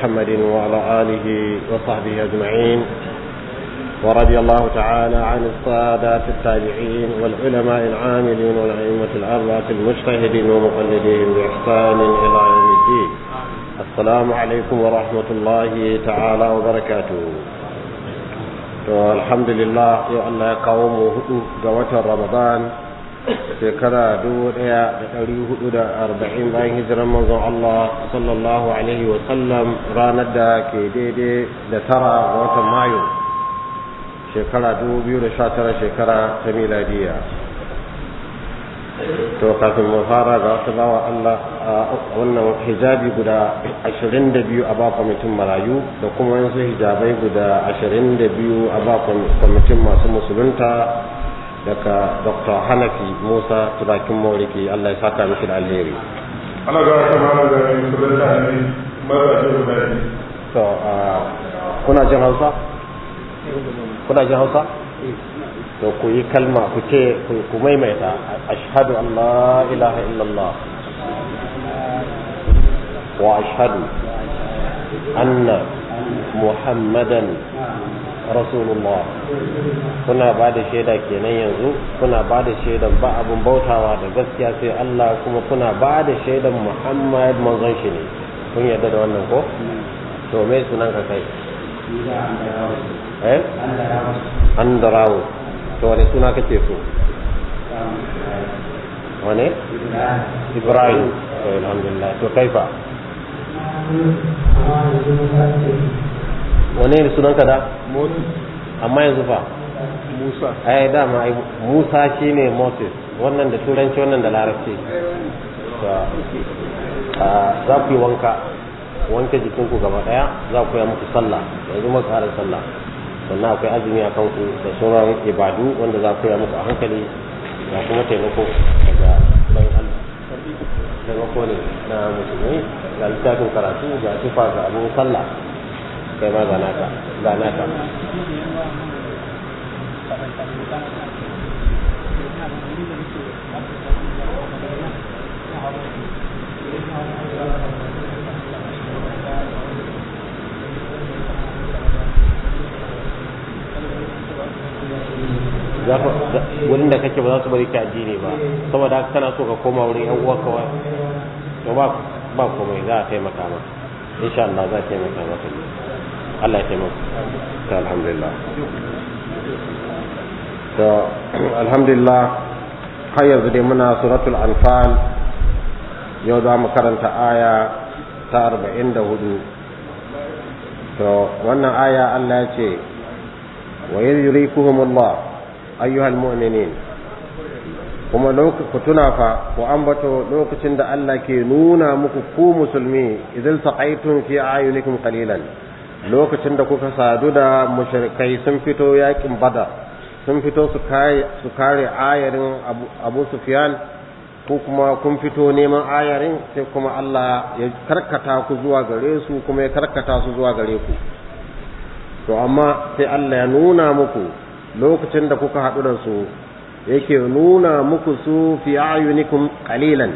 محمد وعلى آله وصحبه أجمعين ورضي الله تعالى عن السادات التابعين والعلماء العاملين والأئمة الأربعة المجتهدين ومقلدين بإحسان إلى يوم الدين السلام عليكم ورحمة الله تعالى وبركاته الحمد لله يا الله قوم رمضان shekara dubu ɗaya da ɗari hudu da arba'in bayan hijirar manzon Allah sallallahu alaihi wa sallam ranar da ke daidai da tara ga watan Mayu shekara dubu biyu da sha tara shekara ta miladiya. To kafin mu fara ga wata bawa Allah a wannan hijabi guda ashirin da biyu a ba kwamitin marayu da kuma yanzu hijabai guda ashirin da biyu a ba kwamitin masu musulunta daga dr hanafi musa turakin mauriki allah ya saka miki da alheri ana ga wata mana da ne mara kuna jin hausa kuna jin hausa to ku yi kalma ku ce ku maimaita ashhadu an la ilaha illallah wa ashhadu anna muhammadan rasulullah kuna ba da shaida kenan yanzu kuna ba da shaidan ba abun bautawa da gaskiya sai Allah kuma kuna ba da shaidan muhammad manzon shi ne kun yarda da wannan ko to me sunan ka kai eh an darawo to wani suna kake so wane ibrahim to alhamdulillah to kaifa wane ne sunanka da amma yanzu fa musa ai dama ai musa shine moses wannan da turanci wannan da larabci za ku yi wanka wanke jikinku gaba daya za ku yi muku sallah yanzu masu hada sallah sannan akwai azumi a kanku da sunan ibadu wanda za ku yi muku a hankali ga kuma taimako daga bayan allah taimako ne na musulmi ga littafin karatu ga tufa ga abin sallah kai ma zana na zana ka wurin da kake ba za su bari ka addini ba saboda haka kana so ka koma wurin yan uwa kawai to ba ba komai za a taimaka maka insha Allah za a taimaka maka Allah ya taimaka ta alhamdulillah alhamdulillah har yanzu dai muna suratul anfal yau za mu karanta aya ta arba'in da hudu to wannan aya Allah ya ce wa yurikuhumullah ayyuhal mu'minin kuma ku tuna fa ku ambato lokacin da Allah ke nuna muku ku musulmi idan saqaitun fi ayunikum qalilan lokacin da kuka sadu da mushrikai sun fito yakin bada sun fito su kare ayarin abu sufyan ko kuma kun fito neman ayarin sai kuma Allah ya karkata ku zuwa gare su kuma ya karkata su zuwa gare ku to amma sai Allah ya nuna muku lokacin da kuka haɗu da su yake nuna muku su fi ayunikum qalilan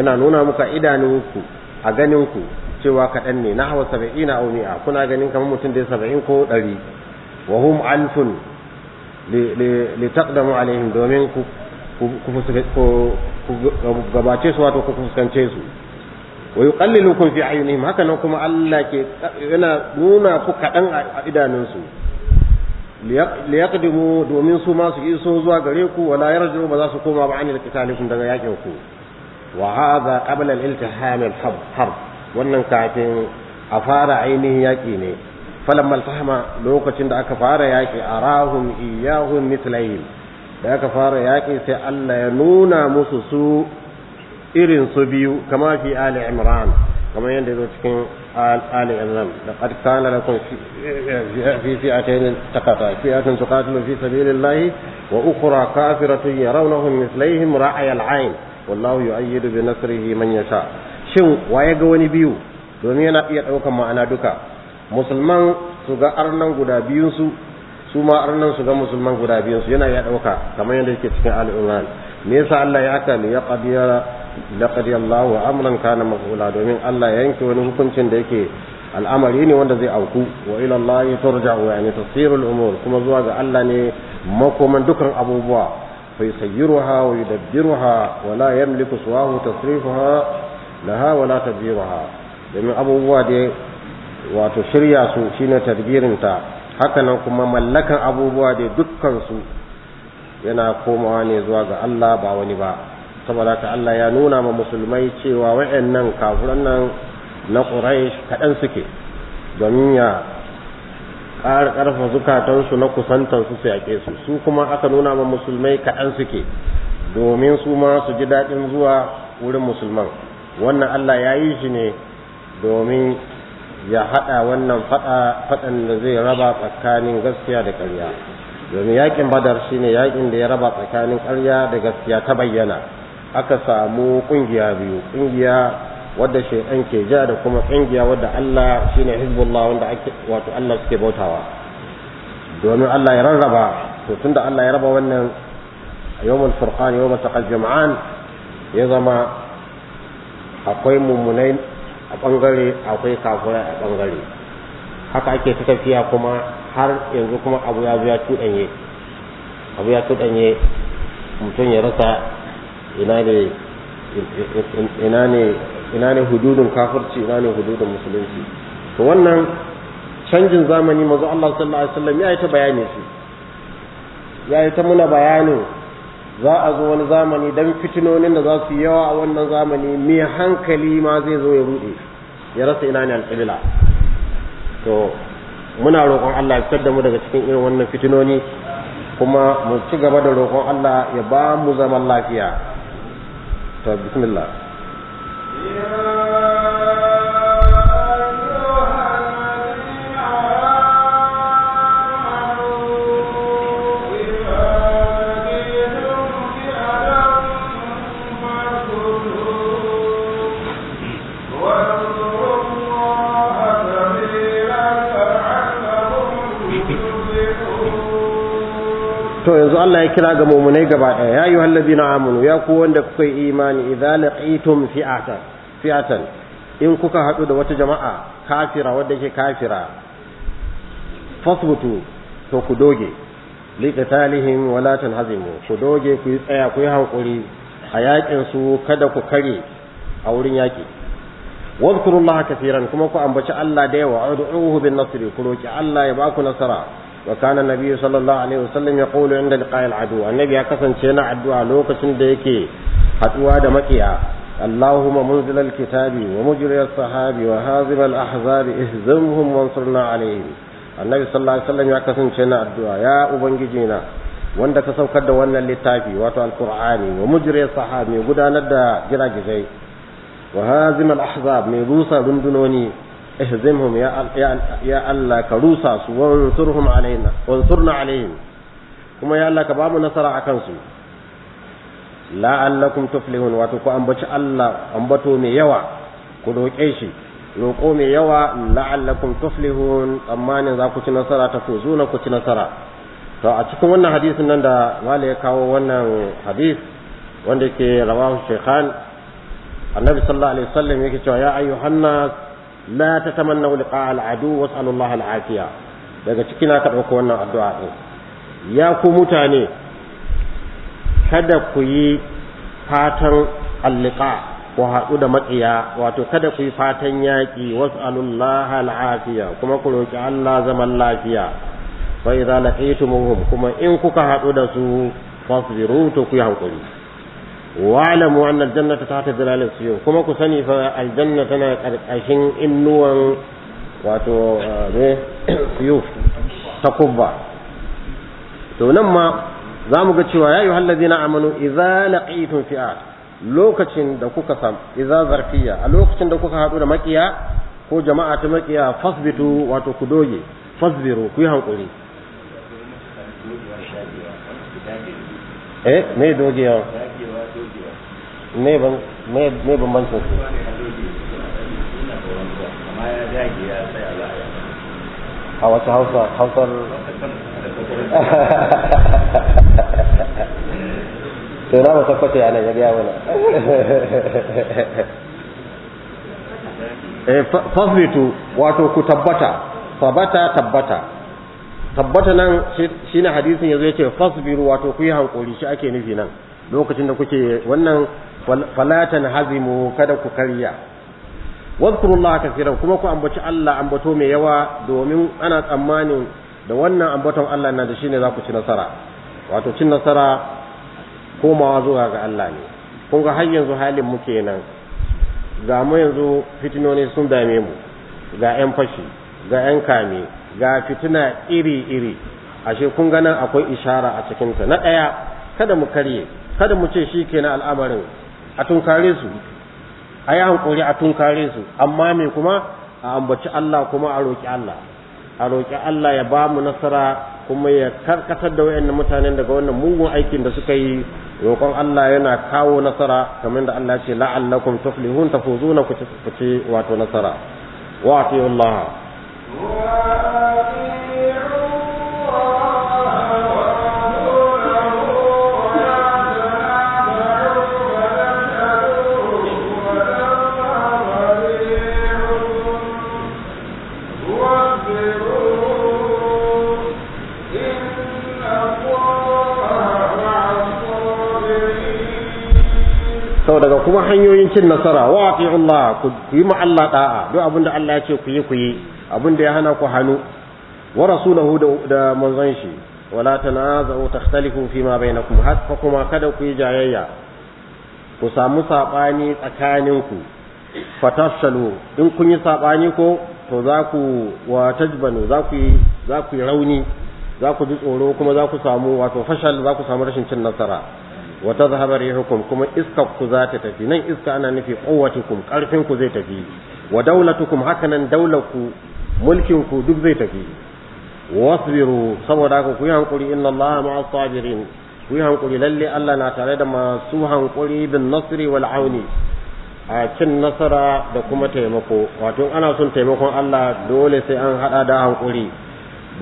yana nuna muka idanunku a ganin ku. cewa kaɗan ne na hawa saba'in a mi'a kuna ganin kamar mutum da ya saba'in ko ɗari wa hum alfun li taqdamu alaihim domin ku gabace su wato ku fuskance su wa yuqallilukum fi ayunihim haka nan kuma Allah ke yana nuna ku kaɗan a idanunsu yaqdimu domin su ma su iso zuwa gare ku wala yarju ba za su koma ba anil qitalikum daga yakin ku wa hadha qabla al iltihami al-harb wannan kafin a fara ainihin yaƙi ne falammal tahama lokacin da aka fara yaƙi arahum iyahum mislaihim da aka fara yaƙi sai Allah ya nuna musu su irin su biyu kama fi ali imran kama yadda zo cikin ali imran da qad kana lakum fi fi'atayn taqata fi'atun tuqatilu fi sabilillahi wa ukhra kafiratun yarawnahum mislaihim ra'ay al-ayn والله يؤيد بنصره من يشاء shin ya ga wani biyu domin yana iya ɗaukan ma'ana duka musulman su ga arnan guda biyunsu su ma arnan su ga musulman guda biyunsu yana iya ɗauka kamar yadda yake cikin al'umman me yasa Allah ya aka ne ya qadiyara laqad yallahu amran kana maf'ula domin Allah ya yanke wani hukuncin da yake al'amari ne wanda zai auku wa ila Allah turja'u yani tasirul umur kuma zuwa ga Allah ne makoman dukan abubuwa fa yusayyiruha wa yudabbiruha wa la yamliku suwahu tasrifuha laha wala tadbiruha domin abubuwa da wato shirya su shine tadbirinta hakanan kuma mallakan abubuwa da dukkan su yana komawa ne zuwa ga Allah ba wani ba saboda ka Allah ya nuna ma musulmai cewa wayannan kafuran nan na Quraysh kaɗan suke domin ya ƙara ƙarfa su na kusantar su yaƙe su su kuma aka nuna ma musulmai kaɗan suke domin su ma su ji daɗin zuwa wurin musulman wannan Allah ya yi shi ne domin ya haɗa wannan faɗan da zai raba tsakanin gaskiya da ƙarya domin yakin badar shi ne yakin da ya raba tsakanin ƙarya da gaskiya ta bayyana aka samu ƙungiya biyu ƙungiya wadda shaidan ke ja da kuma ƙungiya wadda Allah shi ne hizbullah wanda ake wato Allah suke bautawa domin Allah ya rarraba to tunda Allah ya raba wannan yawmul furqan yawma taqal jam'an ya zama akwai mummunai a bangare akwai kafura a bangare haka ake ta tafiya kuma har yanzu kuma abu ya zo ya tudanye abu ya tudanye mutum ya rasa ina ne ina ne ina ne hududun kafirci ina ne hududun musulunci to wannan canjin zamani mazu Allah sallallahu alaihi wasallam ya yi ta bayani shi ya yi ta muna bayanin za a zo wani zamani dan fitinonin da za su yawa a wannan zamani mai hankali ma zai zo ya rude ya rasa ina ne alƙibla to muna roƙon Allah ya fitar da mu daga cikin irin wannan fitinoni kuma mu ci gaba da roƙon Allah ya ba mu zaman lafiya to bismillah manzo Allah ya kira ga mumunai gaba daya ya ayyuhal ladina amunu ya ku wanda kuka yi imani idza laqitum fi'atan in kuka haɗu da wata jama'a kafira wadda ke kafira fasbutu to ku doge talihin wala tanhazimu ku doge ku yi tsaya ku yi hankuri a yakin su kada ku kare a wurin yaki wadhkurullaha kafiran kuma ku ambaci Allah da yawa ud'uhu bin nasri ku roki Allah ya baku nasara وكان النبي صلى الله عليه وسلم يقول عند لقاء العدو النبي أكسن شينا عدو لوك شنديكي حتوى دمكيا اللهم منزل الكتاب ومجري الصحاب وهازم الأحزاب اهزمهم وانصرنا عليهم النبي صلى الله عليه وسلم يكسن شينا عدو يا أبنجينا wanda ka saukar da wannan littafi wato alkur'ani wa mujri sahabi gudanar da jirage wa hazim al-ahzab mai rusa rundunoni ihzimhum ya Allah ka rusa su wa ansurhum alaina wansurna kuma ya Allah ka ba nasara akan su la'allakum tuflihun wato ku ambaci Allah ambato mai yawa ku roƙe shi roƙo mai yawa la'allakum tuflihun tsammanin za ku ci nasara ta ku zuna ku ci nasara to a cikin wannan hadisin nan da mala ya kawo wannan hadis wanda ke rawahu shaykhan annabi sallallahu alaihi wasallam yake cewa ya ayyuhan nas لا تتمنوا لقاء العدو adu الله Allah daga cikin aka dauko wannan addu'a din ya ku mutane kada ku yi fatan al-liqa ku haɗu da matsiya wato kada ku yi fatan yaƙi was'alu Allah al-afiya kuma ku roki Allah zaman lafiya fa idza laqitumuhum kuma in kuka haɗu da su fasbiru to ku yi hankali wa'lamu anna aljannata tahta zilalil suyuf kuma ku sani fa al aljanna tana karkashin innuwan wato ne eh, suyuf kubba to nan ma za mu ga cewa ya yi hallazina amanu idza laqitum fi'a lokacin da kuka sam idza zarfiya a lokacin da kuka hadu da makiya ko jama'a ta makiya fasbitu wato ku doge fasbiru ku yi hankuri eh me dogewa ne ban me bambancin su a wata hausa hausar to na mu sakwace a nan ya wani mana eh, fasbitu wato ku tabbata sabata tabbata tabbata nan shine hadisin yazo yace fasbiru wato ku yi hankuri shi ake nufi nan lokacin da kuke wannan falatan hazimu kada ku karya wadkurullaha kafiran kuma ku ambaci Allah ambato mai yawa domin ana tsammanin da wannan ambaton Allah na da shine za ku ci nasara wato cin nasara komawa zuwa ga Allah ne kun ga har yanzu halin mu kenan ga mu yanzu fitinoni sun dame mu ga yan fashi ga yan kame ga fitina iri iri ashe kun ga nan akwai ishara a cikin ta na daya kada mu karye kada mu ce shikenan al'amarin a tunkare su a yi hankuri a tunkare su amma me kuma a ambaci Allah kuma a roƙi Allah a roƙi Allah ya ba mu nasara kuma ya karkatar da wayannan mutanen daga wannan mugun aikin da suka yi roƙon Allah yana kawo nasara kamar da Allah ce la'allakum tuflihun tafuzuna ku ci wato nasara wa Allah cin nasara wa Allah ku yi ma Allah da'a duk abinda Allah ya ce ku yi ku yi abinda ya hana ku hannu wa rasulahu da manzon shi wala tanazu takhtalifu fi ma bainakum hatta kuma kada ku yi jayayya ku samu sabani ku fatashalu in kun yi sabani ko to za ku wa tajbanu za ku yi za ku yi rauni za ku ji tsoro kuma za ku samu wato fashal za ku samu rashin cin nasara wa ya rihukum kuma iska ku za ta tafi nan iska ana nufi quwwatukum karfin ku zai tafi wa daulatukum hakanan daulaku mulkin ku duk zai tafi wasbiru saboda haka ku yi hankuri inna allaha ma'as sabirin ku yi hankuri lalle Allah na tare da masu hankuri bin nasri wal auni a cin nasara da kuma taimako wato ana son taimakon Allah dole sai an hada da hankuri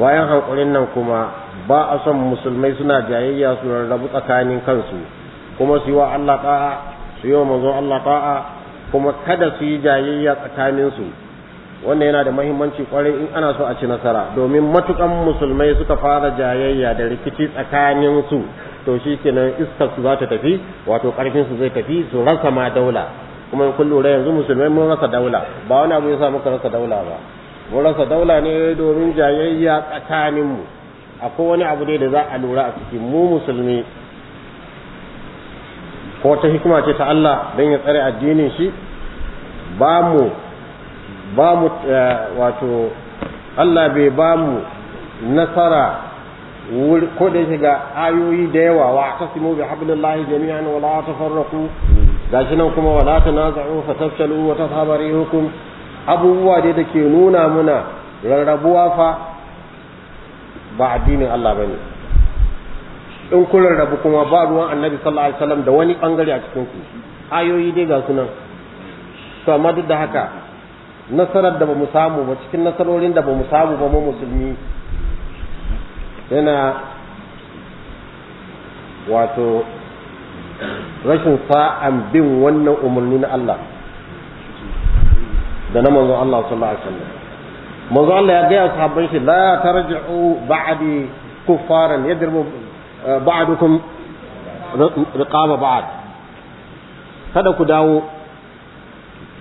bayan hankulin nan kuma ba a son musulmai suna jayayya su rarrabu tsakanin kansu kuma su yi wa Allah ta'a su yi wa manzon Allah ta'a kuma kada su yi jayayya tsakanin su wannan yana da muhimmanci kwarai in ana so a ci nasara domin matukan musulmai suka fara jayayya da rikici tsakanin su to shi kenan iskar su za ta tafi wato karfin su zai tafi su rasa ma daula kuma kun lura yanzu musulmai mun rasa daula ba wani abu ya sa muka rasa daula ba mun rasa daula ne domin jayayya tsakanin mu akwai wani abu dai da za a lura a cikin mu musulmi ko ta hikima ce ta Allah don ya tsare addinin shi ba mu ba mu eh, wato Allah bai ba mu nasara ko da shiga ayoyi da yawa wa tasimu bi hablillahi jami'an wa la tafarraqu gashi nan kuma wala fa tafshalu wa tadhhabu rihukum abubuwa dai da ke nuna muna rarrabuwa fa ba addinin Allah ba ne in kun rarrabu kuma ba ruwan annabi sallallahu alaihi wasallam da wani bangare a cikin ku ayoyi dai ga sunan to amma duk da haka nasarar da bamu samu ba cikin nasarorin da bamu samu ba mu musulmi yana wato rashin sa'an bin wannan umarni na Allah da na manzon Allah sallallahu alaihi wasallam manzo Allah ya gaya sahabban shi la tarji'u ba'di kuffaran yadribu eh, ba'dukum riqaba ba'd kada ku dawo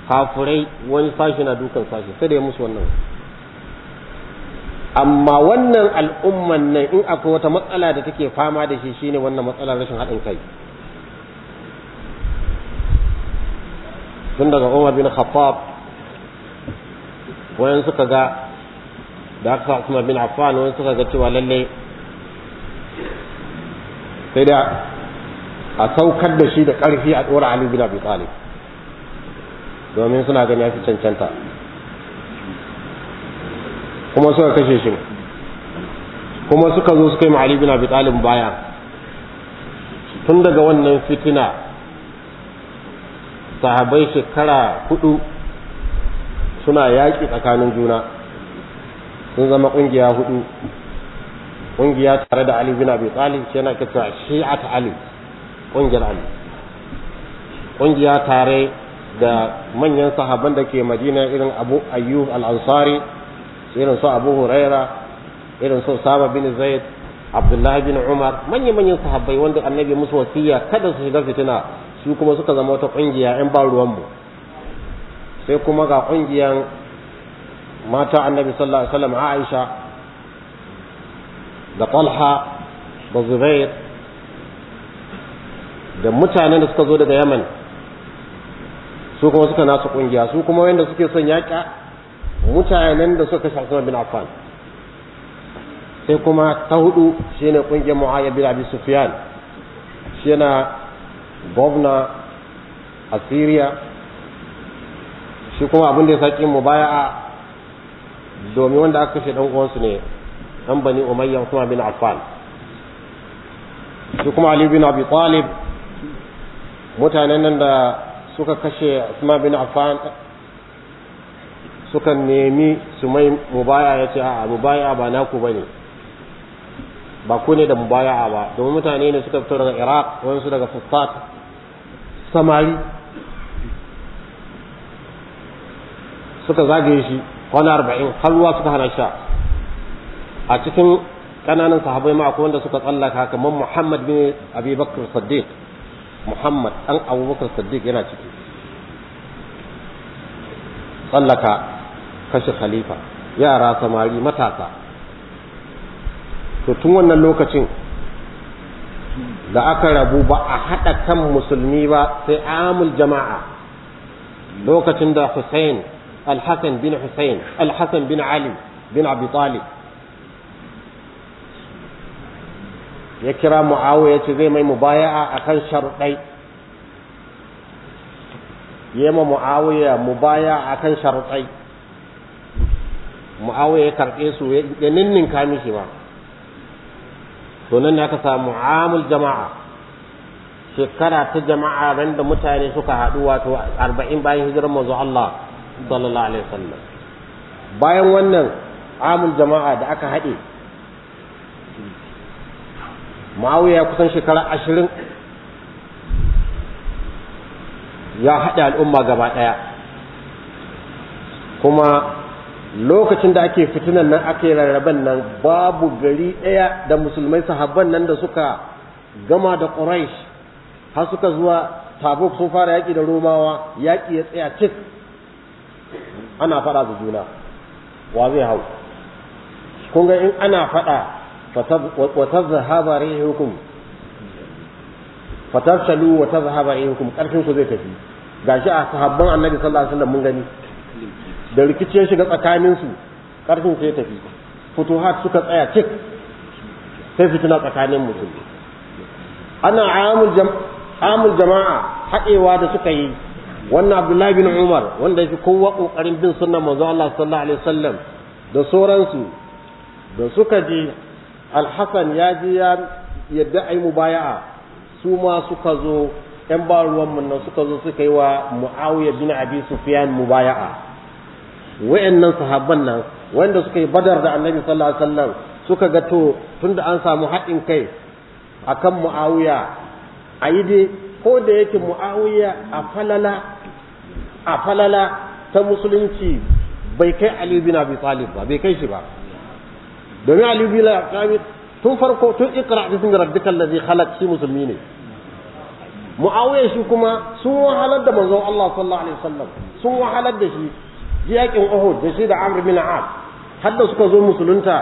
kafurai wani sashi na dukan sashi sai da ya musu wannan amma wannan al'umman nan in akwai wata matsala da take fama da shi shine wannan matsalar rashin haɗin kai tun daga Umar bin Khattab wayan suka ga da aka sa Usman bin Affan wayan suka ga cewa lalle sai da a saukar da shi da ƙarfi a ɗora Ali bin Abi Talib domin suna gani ya fi cancanta kuma suka kashe shi kuma suka zo suka yi ma'ali bin Abi Talib baya tun daga wannan fitina sahabai shekara hudu suna yaƙi tsakanin juna sun zama ƙungiya hudu ƙungiya tare da Ali bin Abi Talib shi yana kisa shi'at Ali ƙungiyar Ali ƙungiya tare da manyan sahabban da ke Madina irin Abu Ayyub al-Ansari irin su Abu Huraira irin su Saba bin Zaid Abdullah bin Umar manyan manyan sahabbai wanda Annabi musu wasiya kada su shiga fitina su kuma suka zama wata ƙungiya 'yan ba ruwan mu sai kuma ga ƙungiyar mata annabi sallallahu alaihi wasallam Aisha da Talha da Zubair da mutanen da suka zo daga Yaman su kuma suka nasu ƙungiya su kuma wanda suke son yaƙa mutanen da suka shafi bin Affan sai kuma ta hudu shine ƙungiyar Muawiya bin Abi Sufyan shi na gwamna a Syria shi kuma abin da ya saki mu baya a domin wanda aka kashe dan uwansu ne dan bani umayya kuma bin affan shi kuma ali bin abi talib mutanen nan da suka kashe kuma bin affan suka nemi su mai mubaya ya ce a mubaya ba naku ba ne ba ku ne da mubaya ba domin mutane ne suka fito daga iraq wasu daga fuffat samari suka zagaye shi kwana arba'in har ruwa suka hana sha a cikin ƙananan sahabai ma akwai wanda suka tsallaka kamar muhammad bin abubakar saddiq muhammad ɗan abubakar saddiq yana ciki tsallaka kashe khalifa yara samari matasa to tun wannan lokacin da aka rabu ba a haɗa kan musulmi ba sai amul jama'a lokacin da Hussein الحسن بن حسين الحسن بن علي بن أبي طالب ya kira mu'awiya ce zai mai mubaya'a akan sharuɗai yema mu'awiya mubaya'a akan sharuɗai mu'awiya karɓe su ya aka samu amul jama'a shekara ta jama'a ran da mutane suka haɗu wato arba'in bayan hijirar manzo Allah sallallahu alaihi wasallam bayan wannan amul jama'a da aka haɗe ma'awiya kusan shekara ashirin ya haɗe al'umma gaba ɗaya kuma lokacin da ake fitinan nan ake rarraban nan babu gari ɗaya da musulmai sahabban nan da suka gama da quraish har suka zuwa tabuk sun fara yaƙi da romawa yaƙi ya tsaya cik ana faɗa da juna wa zai hau kun ga in ana faɗa wa tazhaba rihukum fatarsalu wa tazhaba rihukum karfin ku zai tafi gashi a sahabban annabi sallallahu alaihi wasallam mun gani da rikicin shiga tsakanin su karfin sai tafi futuhat suka tsaya cik sai fitina tsakanin musulmi ana amul jama'a haɗewa da suka yi wannan abdullahi bin umar wanda yake kowa kokarin bin sunnan manzo Allah sallallahu alaihi wasallam da sauransu da suka ji alhassan ya ji ya yadda ai mubaya'a su ma suka zo yan ba ruwan mun nan suka zo suka yi wa muawiya bin abi sufyan mubaya'a wayannan sahabban nan wanda suka yi badar da annabi sallallahu alaihi wasallam suka ga to tunda an samu haɗin kai akan muawiya a yi dai ko da yake mu'awiya a falala a falala ta musulunci bai kai ali bin abi talib ba bai kai shi ba domin ali bin abi talib tun farko tun ikra bismi rabbikal ladhi khalaq shi musulmi ne mu'awiya shi kuma sun wahalar da manzon Allah sallallahu alaihi wasallam sun wahalar da shi yakin Uhud da shi da Amr bin Al har da suka zo musulunta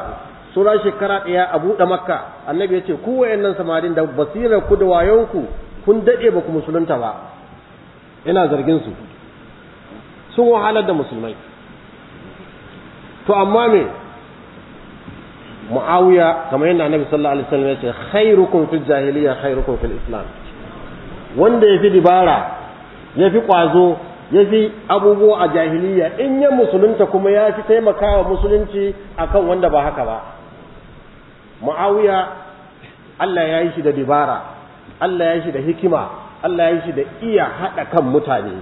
sura shekara daya a buɗe Makka annabi ya ce ku wayannan samarin da basirar ku da wayonku kun daɗe ba ku musulunta ba ina zargin su sun wahalar da musulmai to amma me mu'awiya kamar yadda annabi sallallahu alaihi wasallam ya ce khairukum fil jahiliya khairukum fil islam wanda yafi dibara yafi kwazo yafi abubuwa a jahiliya in ya musulunta kuma ya fi taimakawa musulunci akan wanda ba haka ba mu'awiya Allah ya yi shi da dibara Allah ya shi da hikima Allah ya shi da iya haɗa kan mutane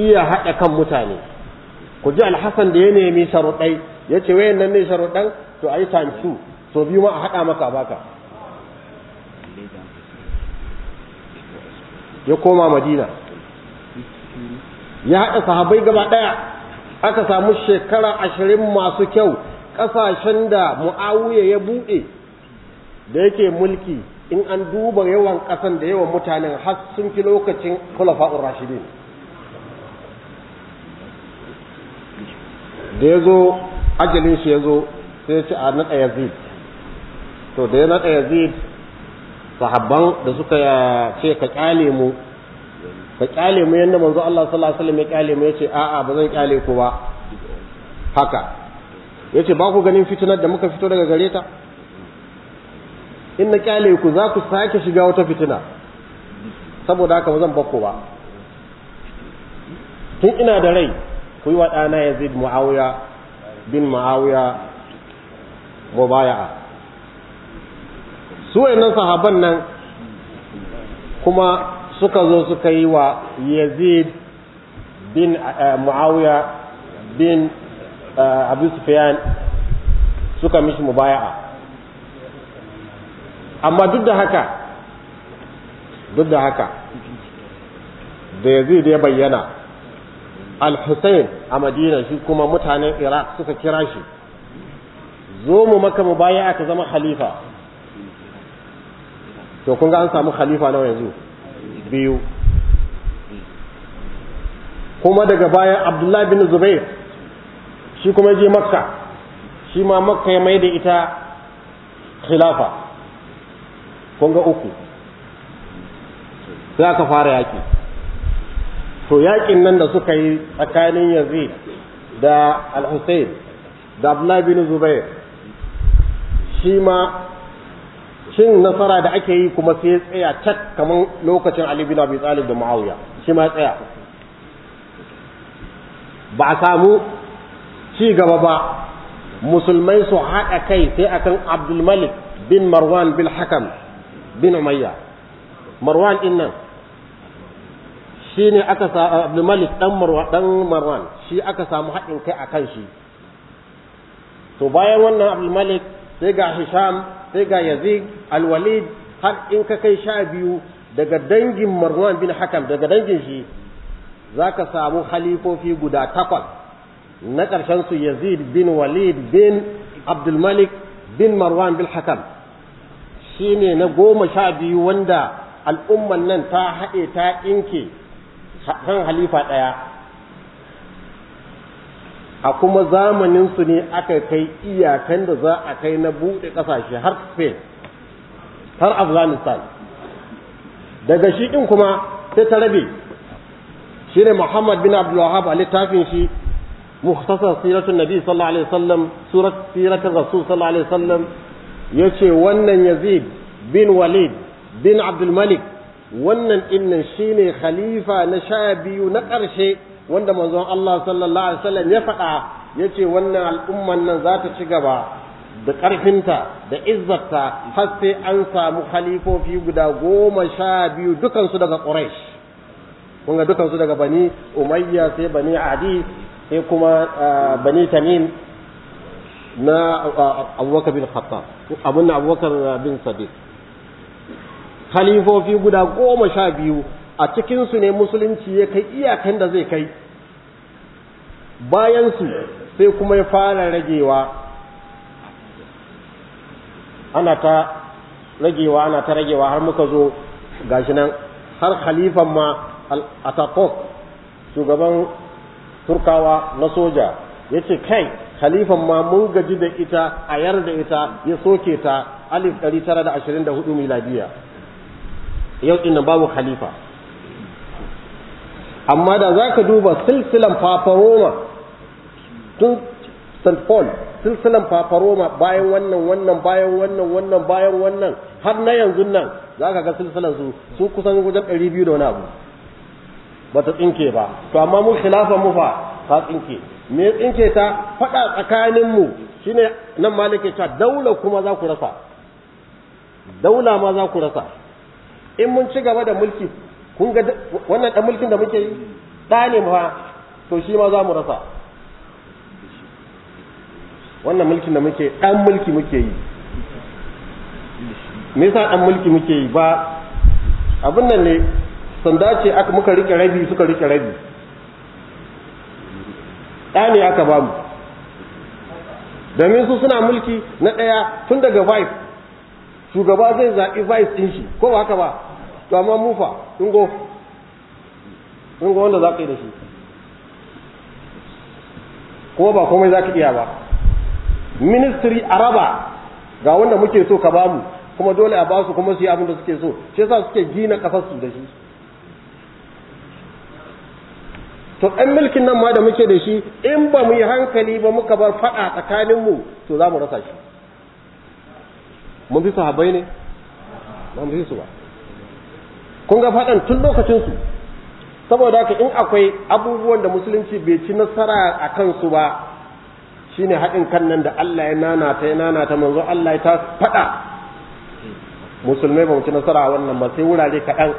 iya haɗa kan mutane ku ji alhassan da ya nemi sharuɗai ya ce wayan nan ne sharuɗan to a yi su, so biyu ma a haɗa maka baka ya koma madina ya haɗa sahabai gaba ɗaya aka samu shekara ashirin masu kyau ƙasashen da mu'awiya ya buɗe da yake mulki in an duba yawan ƙasan da yawan mutanen har sun fi lokacin kulafa'ur rashidin da ya zo ajalin shi ya zo sai ci a naɗa yazid to da ya naɗa yazid sahabban da suka ce ka ƙyale mu ka ƙyale mu yadda manzo Allah sallallahu alaihi wasallam ya kyale mu yace a'a ba zan ƙyale ku ba haka yace ba ku ganin fitinar da muka fito daga gare ta in na kyale ku za ku sake shiga wata fitina saboda haka ba zan bakko ba tun ina da rai ku yi wa ɗana yazid mu'awiya bin mu'awiya mubaya'a su wayannan sahaban nan kuma suka zo suka yi wa yazid bin eh, mu'awiya bin eh, abu sufyan suka mishi mubaya'a amma duk da haka duk da haka da yazid ya bayyana al husayn a madina shi kuma mutanen iraq suka kira shi zo mu maka mu baya aka zama khalifa to kun ga an samu khalifa nawa yanzu biyu kuma daga bayan abdullahi bin zubair shi kuma je makka shi ma makka ya mai da ita khilafa kun ga uku sai aka fara yaƙi to yaƙin nan da suka yi tsakanin yazid da al-hussein da abdullahi bin zubair shi ma cin nasara da ake yi kuma sai ya tsaya cak kamar lokacin ali bin abi talib da muawiya shi ma tsaya ba a samu ci gaba ba musulmai su haɗa kai sai akan abdulmalik bin marwan bin hakam bin umayya marwan din nan shine aka sa ah, abdul malik dan marwan dan marwan shi aka samu haɗin kai a kan shi to bayan wannan abdul malik sai ga hisham sai ga yazid al walid har in ka kai sha biyu daga dangin marwan bin hakam daga dangin shi zaka samu halifofi guda takwas na ƙarshen su yazid bin walid bin abdulmalik bin marwan bin hakam Shi ne na goma sha biyu wanda al'umman nan ta haɗe ta inke kan halifa ɗaya a kuma zamaninsu ne aka kai iyakan da za a kai na buɗe ƙasashe har spain har afghanistan daga shi ɗin kuma sai ta rabe shi ne muhammad bin abdullahab a littafin shi muhtasar siratun nabi sallallahu alaihi wasallam surat siratun rasul sallallahu alaihi wasallam ya ce wannan yazid bin walid bin abdulmalik wannan dinnan shine khalifa na sha biyu na ƙarshe wanda manzon Allah sallallahu alaihi wasallam ya faɗa ya ce wannan al'umman nan za ta ci gaba da ƙarfinta da izzarta har sai an samu khalifofi guda goma sha biyu dukansu daga Quraysh kun dukansu daga bani Umayya sai bani Adi sai kuma eh, bani Tamim na abubakar bin khatta abin abubakar bin sadiq khalifofi guda goma sha biyu a cikinsu ne musulunci ya kai iyakan da zai kai bayansu sai kuma ya fara ragewa ana ta ragewa ana ta ragewa har muka zo gashi nan har khalifan ma atakok shugaban turkawa na soja ya ce kai khalifan ma mun gaji da ita a yar da ita ya soke ta alif 924 miladiya yau ina babu khalifa amma da za ka duba silsilan fafaroma tun st paul silsilan fafaroma bayan wannan wannan bayan wannan wannan bayan wannan har na yanzu nan za ka ga silsilan su su kusan wajen ɗari biyu da wani abu ba ta tsinke ba to amma mu khilafan mu fa ta tsinke me tsinke ta faɗa tsakaninmu shine nan malike ta daula kuma za ku rasa daula ma za ku rasa in mun ci gaba da mulki kun ga wannan ɗan mulkin da muke yi ɗa ne ma to shi ma za mu rasa wannan mulkin da muke ɗan mulki muke yi me yasa ɗan mulki muke yi ba abin nan ne sanda ce aka muka rike rabi suka rike rabi ɗa ne aka ba mu domin su suna mulki na ɗaya tun daga vice shugaba zai zaɓi vice ɗin shi ko ba haka ba to amma mufa ingo ingo wanda za ka yi da shi ko ba komai za ka iya ba ministry araba ga wanda muke so ka ba mu kuma dole a ba su kuma su yi abin da suke so shi yasa suke gina su da shi to ɗan mulkin nan ma da muke da shi in ba mu yi hankali ba muka bar faɗa tsakaninmu to za mu rasa shi mun fi sahabbai ne ba fi su ba kun ga faɗan tun lokacinsu saboda haka in akwai abubuwan da musulunci bai ci nasara a kansu ba shine haɗin kan nan da Allah ya nanata ya nanata manzo Allah ya ta faɗa musulmai ba mu ci nasara a wannan ba sai wurare kaɗan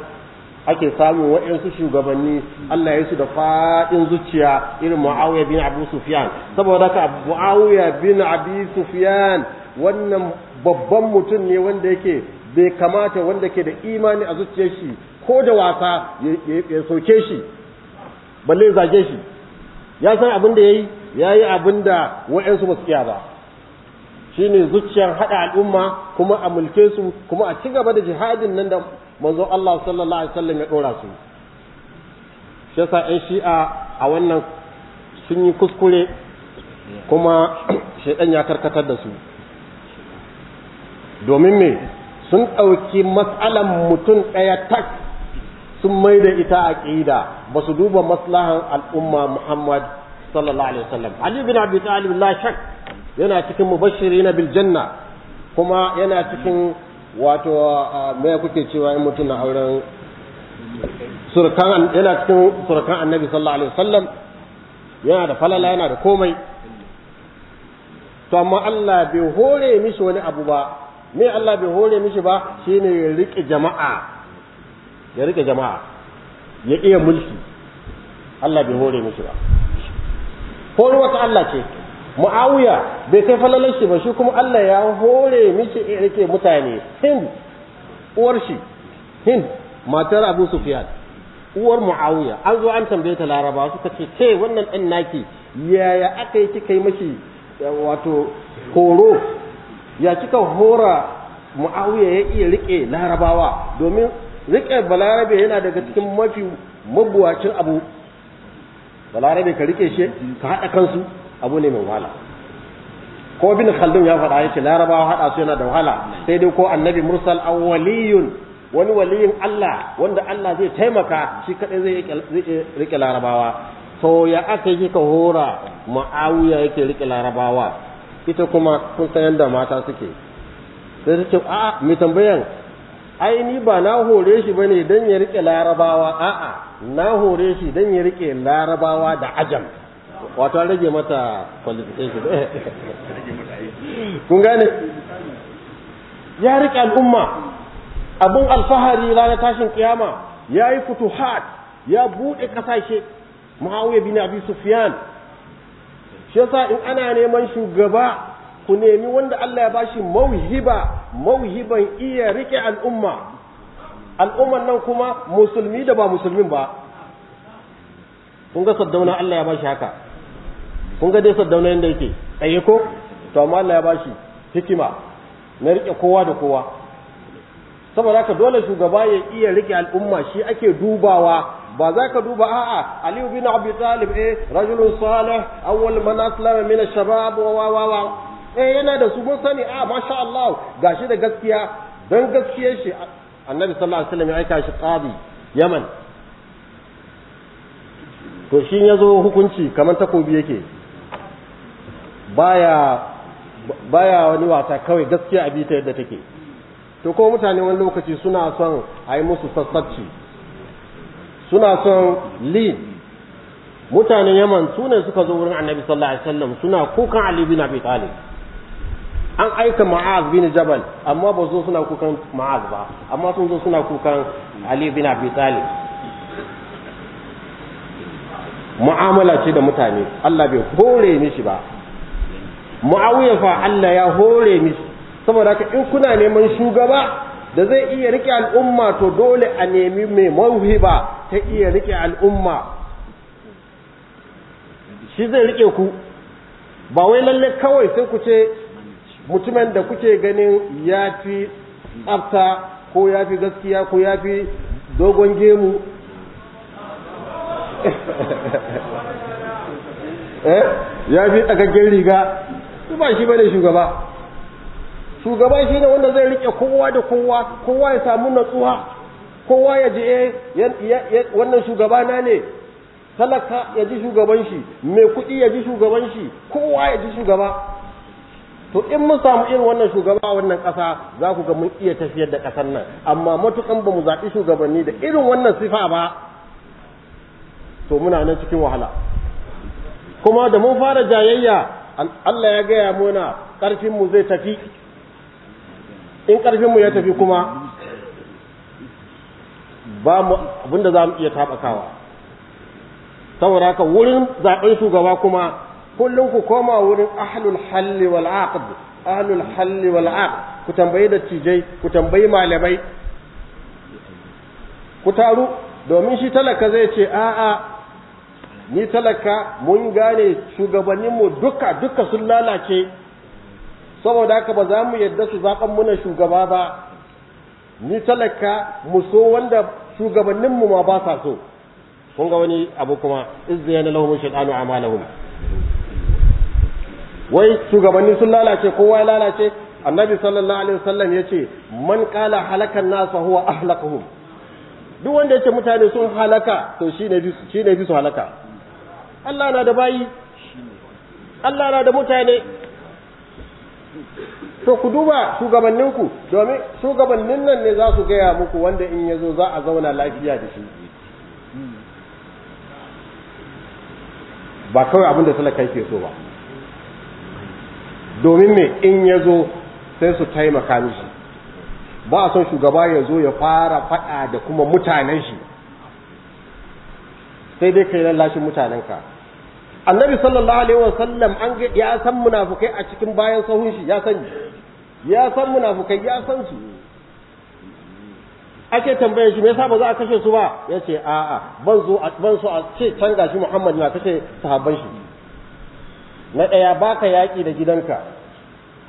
ake samu waɗansu shugabanni Allah ya su da faɗin zuciya irin Muawiya bin Abu Sufyan saboda ka Muawiya bin Abi Sufyan wannan babban mutum ne wanda yake bai kamata wanda ke da imani a zuciyar shi ko da wasa ya soke shi balle zage shi ya san abin da yayi yayi abin da waɗansu ba su ba shine zuciyar hada al'umma kuma a mulke su kuma a ci gaba da jihadin nan da manzo Allah sallallahu alaihi wasallam ya dora su shi yasa ai shi'a a wannan sun yi kuskure kuma shaidan ya karkatar da su domin me sun ɗauki matsalan mutum ɗaya tak sun mai da ita aƙida ba su duba maslahan al'umma muhammad sallallahu alaihi wasallam ali bin abi talib la shak yana cikin mubashiri na biljanna kuma yana cikin wato me kuke cewa in mutum na auren surkan yana cikin surkan annabi sallallahu alaihi wasallam yana da falala yana da komai to amma Allah bai hore mishi wani abu ba me Allah bai hore mishi ba shine ya rike jama'a ya rike jama'a ya iya mulki Allah bai hore mishi ba horo wata Allah ce muawiya bai kai falalar shi ba shi kuma Allah ya hore miki rike mutane hin uwar shi hin matar Abu Sufyan uwar muawiya an zo an tambaye ta laraba suka ce ce wannan ɗan naki yaya aka yi kai mashi eh, wato horo ya kika hora muawiya ya iya rike larabawa domin rike balarabe yana daga cikin mafi mabuwacin abu balarabe ka rike shi ka haɗa kansu abu ne mai wahala ko bin khaldun ya faɗa yace larabawa haɗa su yana da wahala sai dai ko annabi mursal awwaliyun wani waliyin Allah wanda Allah zai taimaka shi kadai zai rike larabawa to ya aka yi ka hora muawiya yake rike larabawa ita kuma kun san yadda mata suke sai ta ce a'a mai tambayan ai ni ba na hore shi bane dan ya rike larabawa a'a na hore shi dan ya rike larabawa da ajam wato rage mata qualification kun gane ya rike al'umma abun alfahari ranar tashin kiyama ya yi futuhat ya buɗe ƙasashe muawiya bin abi sufyan shi yasa in ana neman shugaba ku nemi wanda Allah ya bashi mauhiba mauhiban iya rike al'umma al'umman nan kuma musulmi da ba musulmin ba kun ga saddauna Allah ya bashi haka kun ga dai saddauna yadda yake tsaye ko to amma Allah ya bashi hikima na rike kowa da kowa saboda haka dole shugaba ya iya rike al'umma shi ake dubawa ba za ka duba a'a Aliyu bin Abi Talib eh rajulun salih awwal man aslama min ash-shabab wa wa wa eh yana da su mun sani a ah, masha Allah gashi da gaskiya dan gaskiyar shi Annabi sallallahu alaihi wasallam ya aika shi qadi Yaman to shi yazo hukunci kamar takobi yake baya baya wani wasa kawai gaskiya a bita yadda take to ko mutane wani lokaci suna son a yi musu sassaci, suna son lead mutanen yaman su ne suka zo wurin annabi sallallahu alaihi wasallam suna kukan ali bin abi talib an aika ma'az bin jabal amma ba zo suna kukan ma'az ba amma sun zo suna kukan ali bin abi talib mu'amala ce da mutane Allah bai hore mishi ba muawiya fa Allah ya hore mishi saboda haka in kuna neman shugaba da zai iya rike al'umma to dole a nemi mai mawhiba ta iya rike al'umma shi zai rike ku ba wai lalle kawai sai ku ce mutumin da kuke ganin ya fi tsafta ko ya fi gaskiya ko ya fi dogon gemu eh? ya fi tsakaggen riga su ba shi bane shugaba shugaban shi ne wanda zai rike kowa da kowa kowa ya samu natsuwa kowa ya ji eh, wannan shugaba na ne talaka ya ji shugaban shi mai kuɗi ya ji shugaban shi kowa ya ji shugaba to in mun samu irin wannan shugaba a wannan ƙasa za ku ga mun iya tafiyar da ƙasar nan amma matukan ba mu zaɓi shugabanni da irin wannan sifa ba to muna nan cikin wahala kuma da mun fara jayayya Allah ya gaya muna ƙarfinmu zai tafi in ƙarfinmu ya tafi kuma ba mu abinda za mu iya taɓakawa saboda haka wurin zaɓen shugaba kuma kullum ku koma wurin ahlul halli wal aqd ahlul halli wal aqd ku tambayi dattijai ku tambayi malamai ku taru domin shi talaka zai ce a'a ni talaka mun gane shugabanninmu duka duka sun lalace saboda haka ba za mu yadda su zaɓan muna shugaba ba ni talaka mu so wanda shugabanninmu ma ba sa so kun ga wani abu kuma izdiyana lahum a amalahum wai shugabanni sun lalace kowa ya lalace annabi sallallahu alaihi wasallam yace man qala halakan nas huwa ahlakuhum duk wanda ce mutane sun halaka to shine ne shine bisu halaka Allah na da bayi Allah na da mutane to ku duba shugabanninku domin shugabannin nan ne za su gaya muku wanda in ya zo za a zauna lafiya da shi ba kawai abin da talakai ke so ba domin me in ya zo sai su taimaka mishi ba a son shugaba ya zo ya fara faɗa da kuma mutanen shi sai dai kai lallashin mutanenka annabi sallallahu alaihi sallam an ga ya san munafukai a cikin bayan sahun shi ya sani ya san munafukai ya san su ake tambayar shi me yasa ba za a kashe su ba yace a'a ban zo ban so a ce can gashi Muhammad na kashe sahabban shi na daya baka yaki da gidanka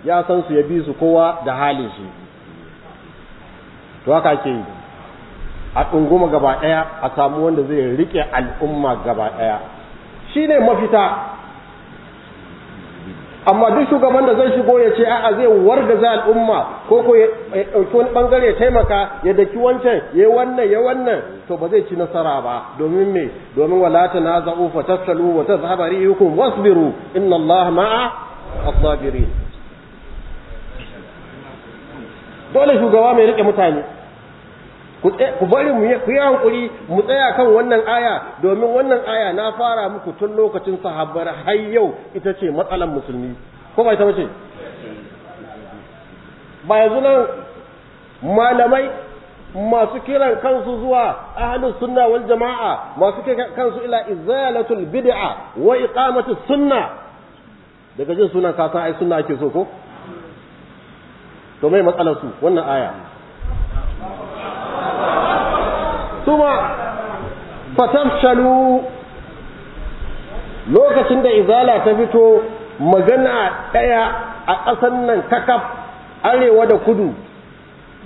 ya san su ya bi su kowa da halin shi to haka ake yi a ɗunguma gaba ɗaya a samu wanda zai riƙe al'umma gaba ɗaya ne mafita amma duk shugaban da zai shigo ya ce a'a zai za al'umma ko ko ya ɗauki wani ɓangare taimaka ya daki wancan ya wannan ya wannan to ba zai ci nasara ba domin me domin walata na za'u fa tafsalu wa tazhaba wasu wasbiru inna allaha ma'a as-sabirin dole shugaba mai rike mutane ku bari mu ku yi hankuri mu tsaya kan wannan aya domin wannan aya na fara muku tun lokacin sahabbar har yau ita ce matsalan musulmi ko ba ita bace ba yanzu nan malamai masu kiran kansu zuwa ahlus sunna wal jama'a masu kiran kansu ila izalatul bid'a wa iqamati sunna daga jin sunan ka san ai sunna ake so ko to mai matsalar su wannan aya Suma ma lokacin da izala ta fito magana ɗaya a ƙasan nan kakaf arewa da kudu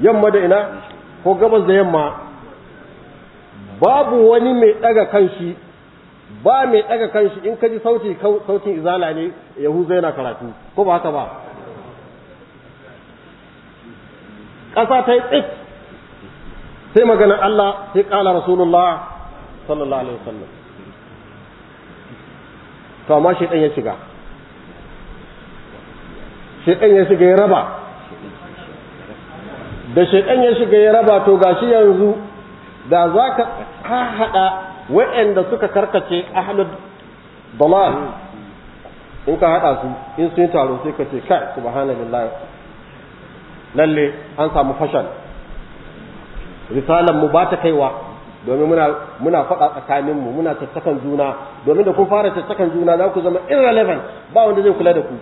yamma da ina ko gabas da yamma babu wani mai ɗaga kanshi ba mai ɗaga kanshi in ka ji sauti sautin izala ne yahuza yana karatu ko ba haka ba ƙasa ta yi tsit sai maganar Allah sai ƙala rasulullah sallallahu alaihi wasallam to amma shi ya shiga shi ya shiga ya raba da shi ya shiga ya raba to gashi yanzu da za ka haɗa waɗanda suka karkace ahlud dalal in ka haɗa su in sun taro sai ka ce kai subhanallahi lalle an samu fashal risalan mu ba ta kaiwa domin muna muna faɗa tsakanin mu muna tattakan juna domin da kun fara tattakan juna za ku zama irrelevant ba wanda zai kula da ku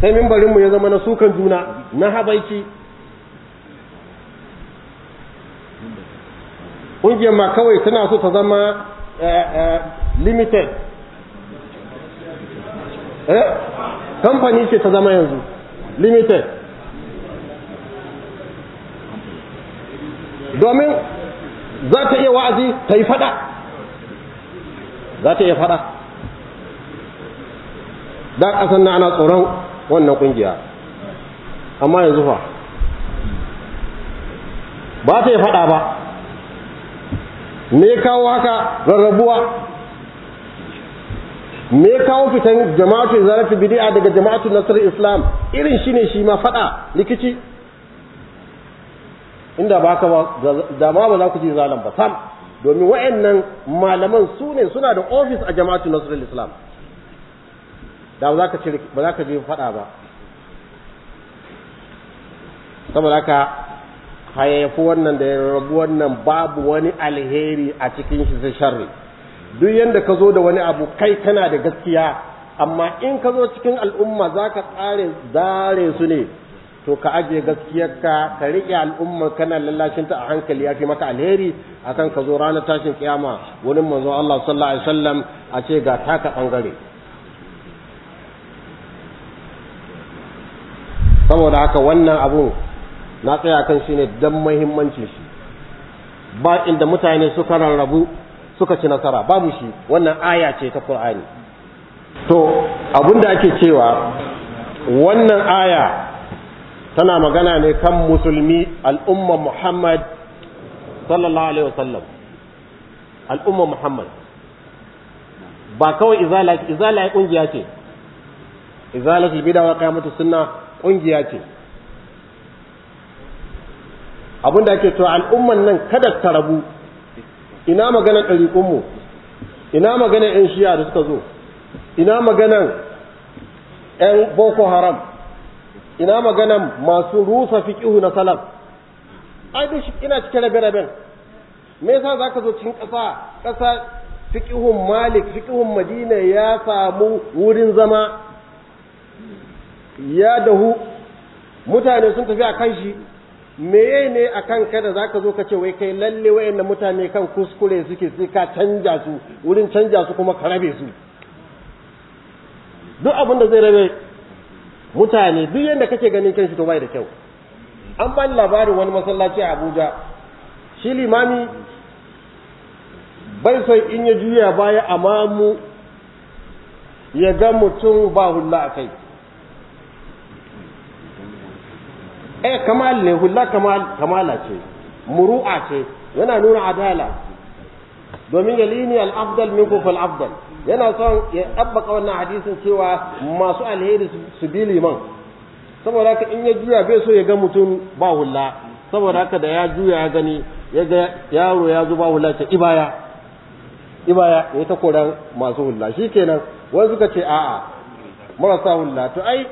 sai mimbarin mu ya zama na sukan juna na habaiki ƙungiyar ma kawai tana so ta zama eh, eh, limited kamfani eh, ce ta zama yanzu limited domin za ta iya wa'azi ta yi fada za ta iya fada da kasan na ana tsoron wannan kungiya amma yanzu fa ba ta yi fada ba me kawo haka rarrabuwa me kawo fitan jama'atu zarafi bid'a daga jama'atu nasarar islam irin shine shi ma fada likici inda ba ka da ma ba za ku ji zalan ba sam domin wa'annan malaman su ne suna da ofis a jama'atu nasrul islam da ba za ka ba za ka je faɗa ba saboda haka hayayyafi wannan da ya rabu wannan babu wani alheri a cikin shi sai sharri duk yadda ka zo da wani abu kai kana da gaskiya amma in ka zo cikin al'umma za ka tsare zare su ne to ka aje gaskiyarka ka ka riƙe al'umma kana lallashin ta a hankali ya fi maka alheri akan ka zo ranar tashin kiyama wurin manzon Allah sallallahu alaihi wasallam a ce ga taka bangare saboda haka wannan abu na tsaya kan shi ne don muhimmancin shi ba inda mutane suka rarrabu suka ci nasara babu shi wannan aya ce ta Qur'ani to abinda ake cewa wannan aya tana magana ne kan musulmi al'umma Muhammad sallallahu alaihi wasallam al'umma Muhammad ba kawai izala izala ya kungiya ce izalatul bid'a wa qiyamatus suna kungiya ce abinda ake cewa al'umman nan kada ta rabu ina maganar ɗariƙunmu ina maganar 'yan shiya da suka zo ina magana 'yan boko haram ina maganan masu rusa fiqihu na salaf ai duk ina cikin rabe-raben me yasa zaka zo cikin ƙasa ƙasa malik fiƙihun madina ya samu wurin zama ya dahu mutane sun tafi a kan shi meye ne a kan ka da zaka zo ka ce wai kai lalle wayannan mutane kan kuskure suke sai ka canja su wurin canja su kuma ka rabe su duk abin da zai rabe mutane duk yadda kake ganin kanshi to bai da kyau an bani labarin wani masallaci a abuja shi limami bai son in ya juya baya a mamu ya ga mutum ba hula a kai eh kamal ne hula kamala ce muru'a ce yana nuna adala domin yalini al-afdal kufa al afdal yana son ya ɗabbaka wannan hadisin cewa masu alheri su bi liman saboda haka in ya juya bai so ya ga mutum ba hulla saboda haka da ya juya ya gani ya ga yaro ya zo ba hula ce ibaya ibaya ya ta koran masu hula shikenan wani suka ce a'a marasa hulla to ai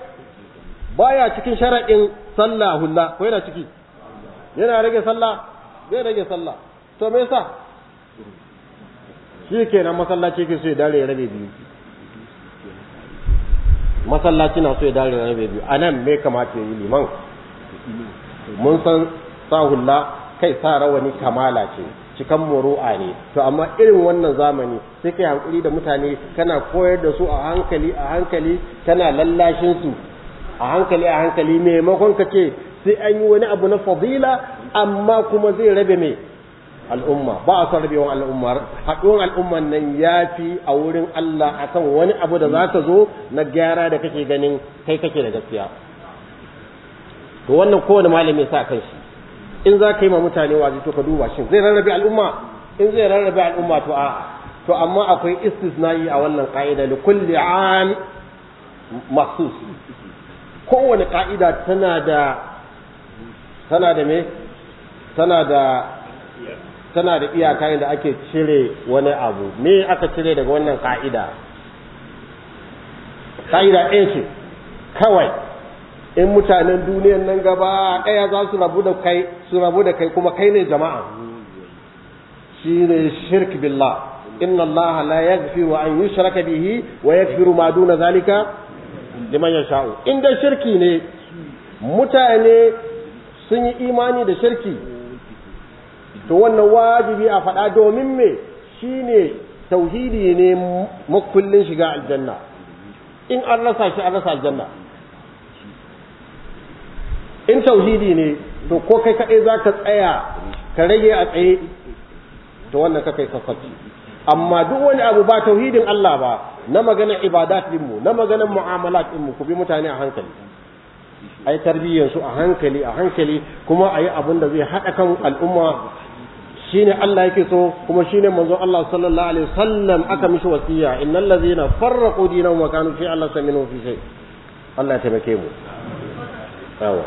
baya cikin shara'in sallah hulla ko yana ciki yana rage sallah bai rage sallah to me yasa shi kenan masallaci ke so ya dare rabe biyu masallaci na so ya dare rabe biyu a nan me kamata yi liman mun san sahulla kai sa rawani kamala ce cikan muru'a ne to amma irin wannan zamani sai kai hankuli da mutane kana koyar da su a hankali a hankali kana lallashin su a hankali a hankali maimakon ka ce sai an yi wani abu na fadila amma kuma zai rabe mai al'umma ba a son rabewan al'ummar haɗuwan al'ummar nan ya fi a wurin Allah a akan wani abu da za ta zo na gyara da kake ganin kai kake da gaskiya to wannan kowane malami sa kan shi in za ka yi ma mutane wazi to ka duba shi zai rarrabe al'umma in zai rarrabe al'umma to a'a to amma akwai istisna'i a wannan ka'ida li kulli an mahsus kowane ka'ida tana da tana da me tana da tana da iyaka inda ake cire wani abu me aka cire daga wannan ka'ida ka'ida ɗaya ce kawai in mutanen duniyan nan gaba ɗaya za su rabu da kai su rabu da kai kuma kai ne jama'a shi ne shirk billah inna allaha la yaghfiru an yushraka bihi wa yaghfiru ma duna zalika liman yasha'u in da shirki ne mutane sun yi imani da shirki to wannan wajibi a faɗa domin me shine tauhidi ne makullin shiga aljanna in an rasa shi an rasa aljanna in tauhidi ne to ko kai kaɗai za ka tsaya ka rage a tsaye to wannan ka kai sassaci amma duk wani abu ba tauhidin Allah ba na maganar ibadat mu, na maganar mu'amalat mu, ku bi mutane a hankali Ai yi tarbiyyarsu a hankali a hankali kuma ayi yi abin da zai haɗa kan al'umma shine Allah yake so kuma shine manzo Allah sallallahu alaihi wasallam aka mishi wasiya innal ladzina farraqu dinahum wa kanu fi Allah saminu fi shay Allah ya taimake mu yawa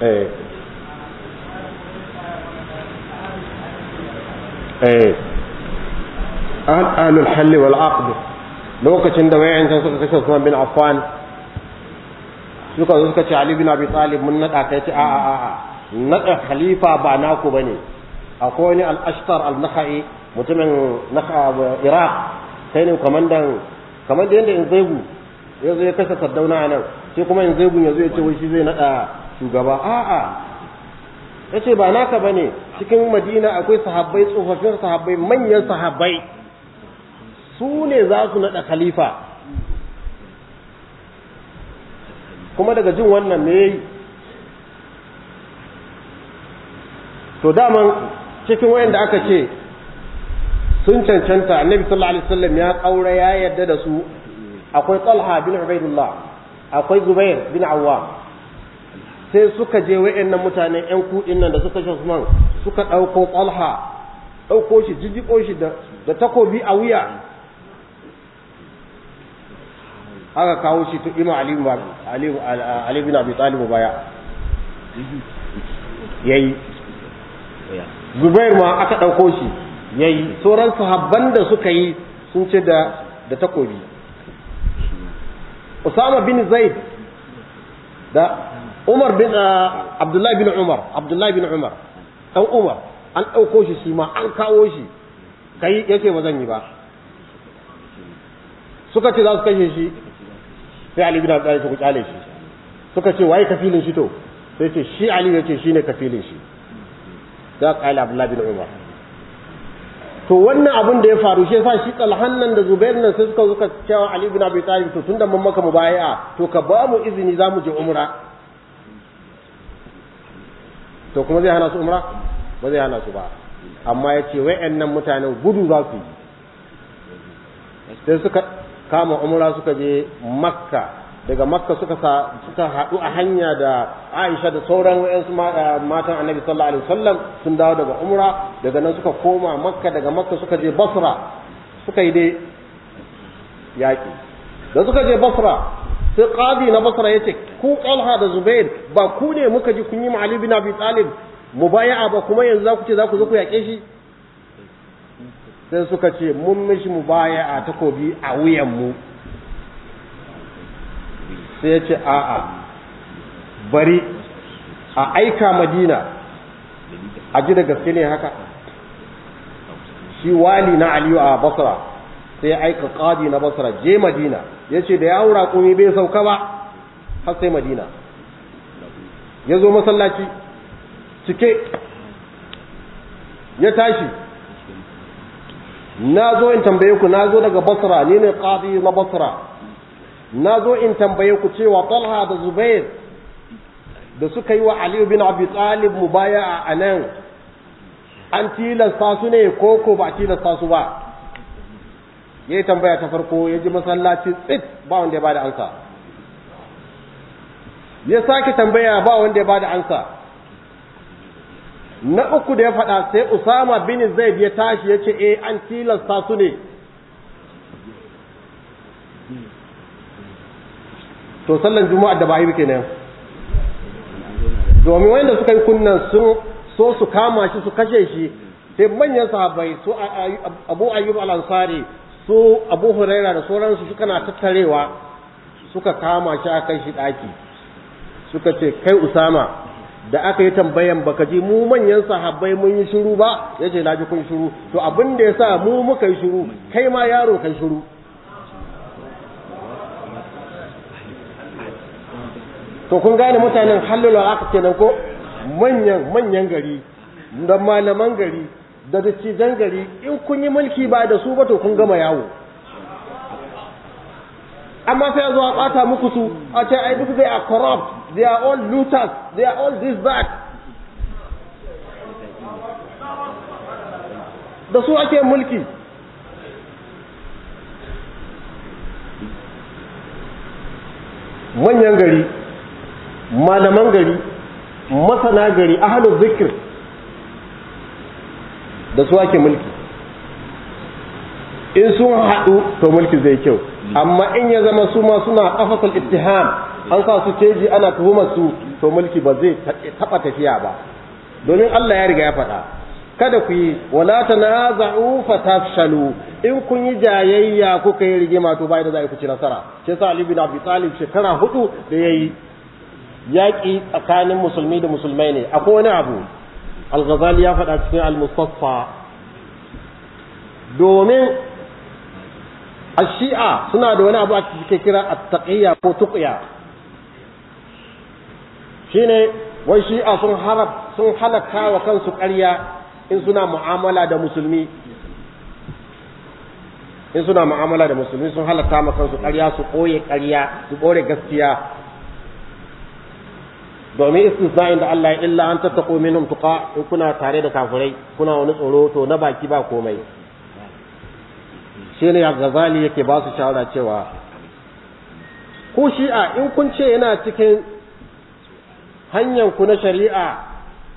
eh eh ahlul wal aqd lokacin da wayan kan suka kashe Usman bin Affan suka suka ce Ali bin Abi Talib mun nada kai ce a a a na khalifa ba naku bane akwai wani al-ashtar al-nakhai mutumin nakha iraq sai ne kwamandan kamar da in zaigu ya zo ya kasa sardauna a nan sai kuma in zaigu ya zo ya ce wai shi zai naɗa shugaba a'a ya ce ba naka ba ne cikin madina akwai sahabbai tsofaffin sahabbai manyan sahabbai su ne za su naɗa khalifa kuma daga jin wannan ne to daman cikin wayanda aka ce sun cancanta annabi sallallahu alaihi wasallam ya kaura ya yarda da su akwai talha bin ubaidullah akwai zubair bin awwam sai suka je wayannan mutane yan kudin nan da suka shi Usman suka dauko talha dauko shi jijjiko shi da da takobi a wuya aka kawo shi to ima ali ali ali bin abi talib baya yayi zubair ma aka ɗauko shi ya yi sauran sahabban da suka yi sun ce da da takobi usama bin zaid da umar bin ah, abdullahi bin umar abdullahi bin umar dan umar an ɗauko shi shi ma an kawo shi kai yace ba zan yi ba suka ce za su kashe shi sai ali bin abi talib ku kyale shi suka ce waye kafilin shi to sai ce shi ali yace shine kafilin shi za kaila abdullahi bin umar to wannan abin da ya faru shi yasa shi talhan nan da zubair nan sai suka suka cewa ali ibn abi talib to tunda mun maka mubai'a to ka ba mu izini za mu je umra to kuma zai hana su umra ba zai hana su ba amma ya ce wa'annan mutanen gudu za su yi sai suka kama umra suka je makka daga makka suka suka haɗu a hanya da aisha da sauran wayansu eh, matan annabi sallallahu alaihi wasallam sun dawo daga umra daga nan suka koma makka daga makka suka je basra suka yi dai yaƙi da suka je basra sai qadi na basra ce ku talha da zubair ba ku ne muka ji kun yi ma ali bin abi talib mubaya'a ba kuma yanzu za ku ce za ku zo ku yaƙe shi sai suka ce mun mishi mubaya'a takobi a wuyan mu sai ya ce a'a bari a aika madina a ji da gaske ne haka shi wali na aliyu a basra sai ya aika kadi na basra je madina ya ce da ya wura kumi bai sauka ba har sai madina ya zo masallaci cike ya tashi na zo in tambaye ku na zo daga basra ni ne kadi na basra na zo in tambaye ku cewa talha da zubair da suka yi wa aliyu bin abi talib baya a anan an tilasta su ne ko ko ba tilasta su ba ya yi tambaya ta farko ya ji masallaci tsit ba wanda ya bada ansa ya sake tambaya ba wanda ya bada ansa na uku da ya faɗa sai usama bin zaid ya tashi ya ce eh an tilasta su ne to sallan juma'a da ba yi kenan domin wanda suka yi kunnan sun so su kama shi su kashe shi sai manyan sahabbai su abu ayyub al-ansari su abu huraira da sauransu suka na tattarewa suka kama shi a kai shi daki suka ce kai usama da aka yi tambayan baka ji mu manyan sahabbai mun yi shiru ba yace na ji kun shiru to abin da yasa mu muka yi shiru kai ma yaro kai shiru to kun gane mutanen halal aka kenan ko manyan manyan gari da malaman gari da dattijan gari in kun yi mulki ba da su ba to kun gama yawo amma sai zo a bata muku su a ce ai duk they are corrupt they are all looters they are all this that da su ake mulki manyan gari malaman gari masana gari ahalin zikir da su ake mulki in sun haɗu to mulki zai kyau amma in ya zama su ma suna afasal ittiham an sa su keji ana tuhumar su to mulki ba zai taɓa tafiya ba domin Allah ya riga ya faɗa kada ku yi wala tanaza'u fatafshalu in kun yi jayayya kuka yi rigima to bai da za ku ci nasara sai sa Ali bin Abi Talib shekara hudu da yayi yaƙi tsakanin musulmi da musulmai ne akwai wani abu al ya faɗa cikin al mustafa domin a shi'a suna da wani abu a cikin kira atakiyya ko tuƙiya. Shi ne wai shi'a sun harab sun wa kansu ƙarya in suna mu'amala da musulmi in suna mu'amala da musulmi sun halatta wa kansu ƙarya su koye ƙarya su ɓoye gaskiya domin istisna'in da Allah ya illa an tattaqu minhum tuqa in kuna tare da kafirai kuna wani tsoro to na baki ba komai shine al-Ghazali yake ba su shawara cewa ku shi'a in kun ce yana cikin hanyar ku na shari'a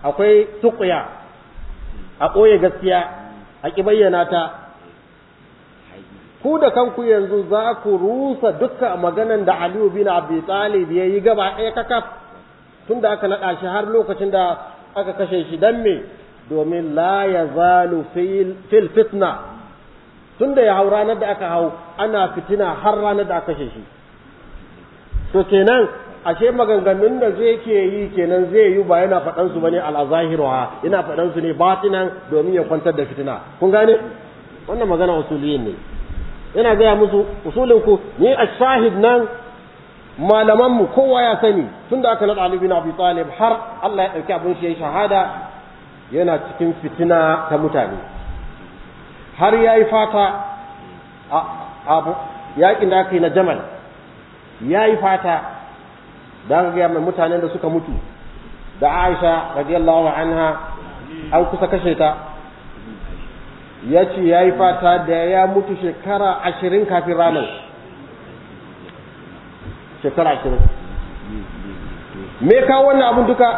akwai tuqya a ɓoye gaskiya a ki bayyana ta ku da kanku yanzu za ku rusa dukkan maganan da Aliyu bin Abi Talib ya yi gaba ɗaya kakaf tun da aka naɗa shi har lokacin da aka kashe shi dan me domin la ya zalu fil fitna tun da ya hau ranar da aka hau ana fitina har ranar da aka kashe shi to kenan ashe maganganun da zai ke yi kenan zai yi ba yana faɗan su bane al'azahiruwa yana faɗan su ne batinan domin ya kwantar da fitina kun gane wannan magana usuliyin ne yana gaya musu usulin ku ni shahid nan malamanmu kowa ya sani tun da aka naɗa bin Abi Talib har Allah ya ɗauki abin shi ya shahada yana cikin fitina ta mutane har ya yi fata a yaƙin da aka yi na Jamal ya yi fata da aka gaya mai mutanen da suka mutu da Aisha radiyallahu anha an kusa kashe ta ya ce ya yi fata da ya mutu shekara ashirin kafin ranar shekara ashirin me ka wannan abun duka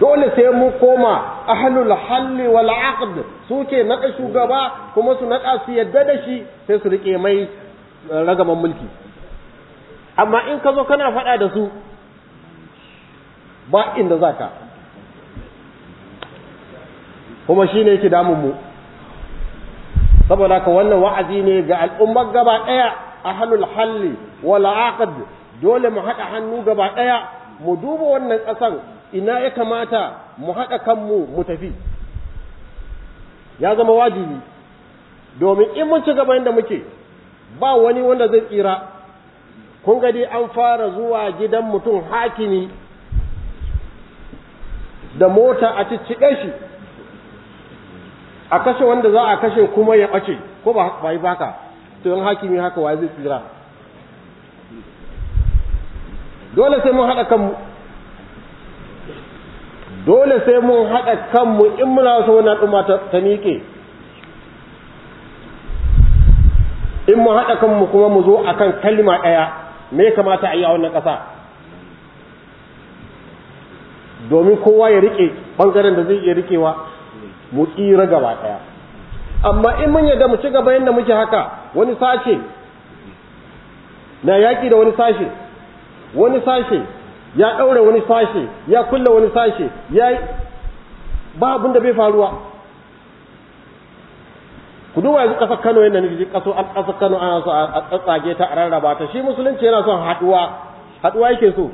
dole sai mu koma ahlul halli wal aqd suke naɗa shugaba kuma su naɗa su yadda da shi sai su rike mai ragaman mulki amma in ka zo kana faɗa da su ba inda za ka kuma shi ne yake mu saboda ka wannan wa'azi ne ga al'ummar gaba ɗaya a halin halli wal aqd dole mu haɗa hannu gaba ɗaya mu duba wannan ƙasan ina ya kamata mu haɗa kanmu mu tafi ya zama wajibi domin in mun ci gaba yadda muke ba wani wanda zai tsira kun gadi an fara zuwa gidan mutum hakimi da mota a cicciɗe shi a kashe wanda za a kashe kuma ya ɓace ko ba yi baka to in hakimi haka wa zai tsira dole sai mun haɗa kanmu dole sai mun haɗa kanmu in muna so wannan al'umma ta miƙe in mun haɗa kanmu kuma mu zo akan kalma ɗaya me kamata a yi a wannan ƙasa domin kowa ya riƙe ɓangaren da zai iya rikewa mu tsira gaba ɗaya amma in mun yadda mu ci gaba yadda muke haka wani sace na yaƙi da wani sashe wani sashe ya ɗaure wani sashe ya kulle wani sashe ya yi. ba abin da bai faruwa ku duba yanzu ƙasar Kano yadda nake ƙaso an ƙasar Kano ana so a tsage ta a rarraba ta shi musulunci yana son haɗuwa haɗuwa yake so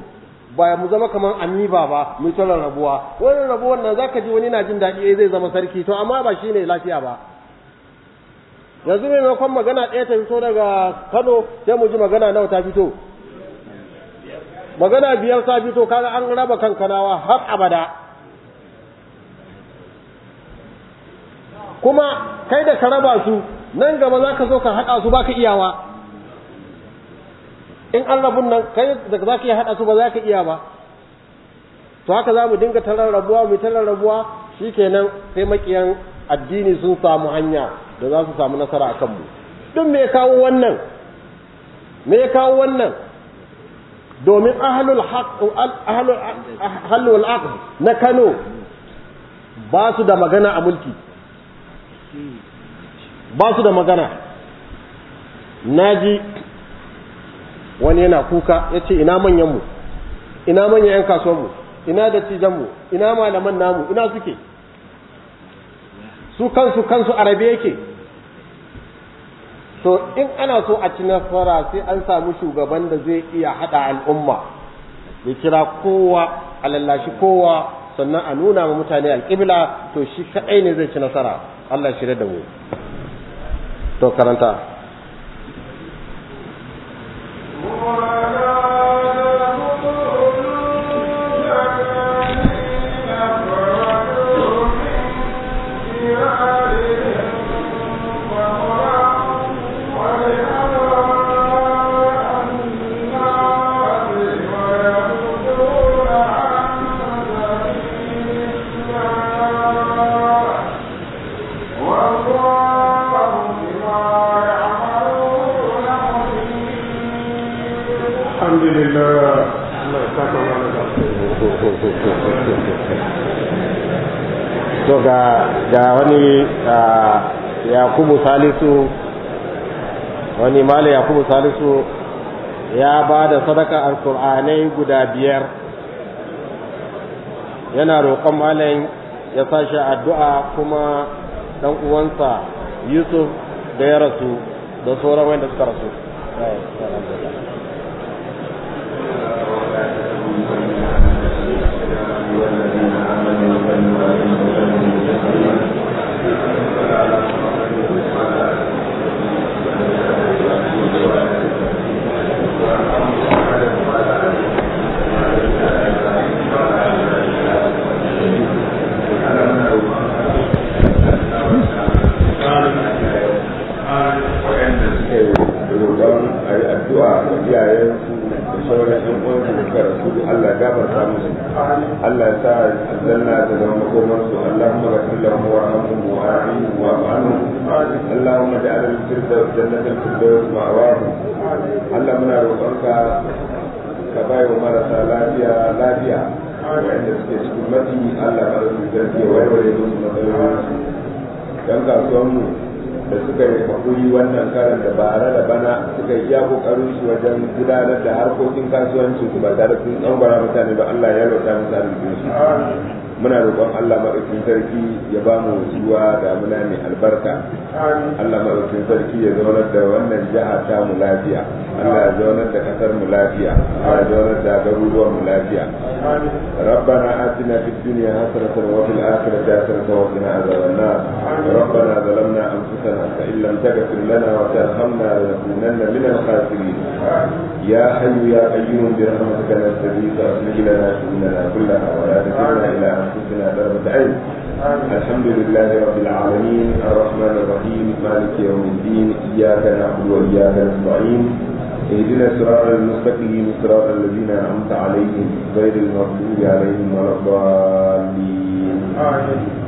ba mu zama kamar anniba ba mu ta rarrabuwa Wani rabuwan nan zaka ji wani na jin daɗi eh zai zama sarki to amma ba ne lafiya ba yanzu maimakon magana ɗaya ta fito daga Kano sai mu ji magana nawa ta fito magana biyar ta fito kaga an raba kankanawa har abada kuma kai da ka raba su nan gaba za ka zo ka haɗa su ba ka iyawa in an rabun nan kai da za ka iya haɗa su ba za ka iya ba to haka za mu dinga tarar rabuwa mu tarar rabuwa shikenan sai makiyan addini sun samu hanya da za su samu nasara a kanmu duk me ya kawo wannan me ya kawo wannan domin ahalul halul aqd na Kano ba su da magana a mulki ba su da magana naji wani yana kuka ya ce ina manyanmu? ina manyan yan kasuwanmu? ina da cijanmu ina malaman namu ina suke su kansu kansu arabe yake So in ana so a ci nasara sai an samu shugaban da zai iya haɗa al'umma ya kira kowa a kowa sannan a nuna ma mutane alƙibla to shi kaɗai ne zai ci nasara Allah shirya da mu to karanta yakubu salisu wani malam yakubu salisu ya ba da sadaka alkur'anai guda biyar yana roƙon malam ya sashi addu'a kuma dan uwansa yusuf da ya rasu da sauran wanda suka rasu الفردوس جنة الفردوس مأواهم الله من روحك كباي ومرسى لافيا لافيا وعند سكيس كمتي الله مرسى لافيا ويولي نصر مطلوبات كم كاسوامو da suka yi kwakuri wannan karin da bara da bana suka yi iya kokarin su wajen gudanar da harkokin kasuwanci su ba tare sun tsangwara mutane ba Allah ya rauta musu arzikin su muna roƙon Allah maɗaukin sarki ya ba mu zuwa damuna mai albarka Allah maɗaukin sarki ya zaunar da wannan jiha ta mu lafiya Allah ya zaunar da ƙasar mu lafiya Allah ya zaunar da garuruwan mu lafiya ربنا آتنا في الدنيا حسنة وفي الآخرة حسنة وقنا عذاب النار ربنا ظلمنا أنفسنا فإن لم تغفر لنا وترحمنا لنكونن من الخاسرين يا حي يا قيوم برحمتك نستغيث واصلح لنا شؤوننا كلها ولا تكلنا إلى أنفسنا باب عين الحمد لله رب العالمين الرحمن الرحيم مالك يوم الدين إياك نعبد وإياك نستعين اهدنا الصراط المستقيم صراط الذين انعمت عليهم غير المغضوب عليهم ولا الضالين آمين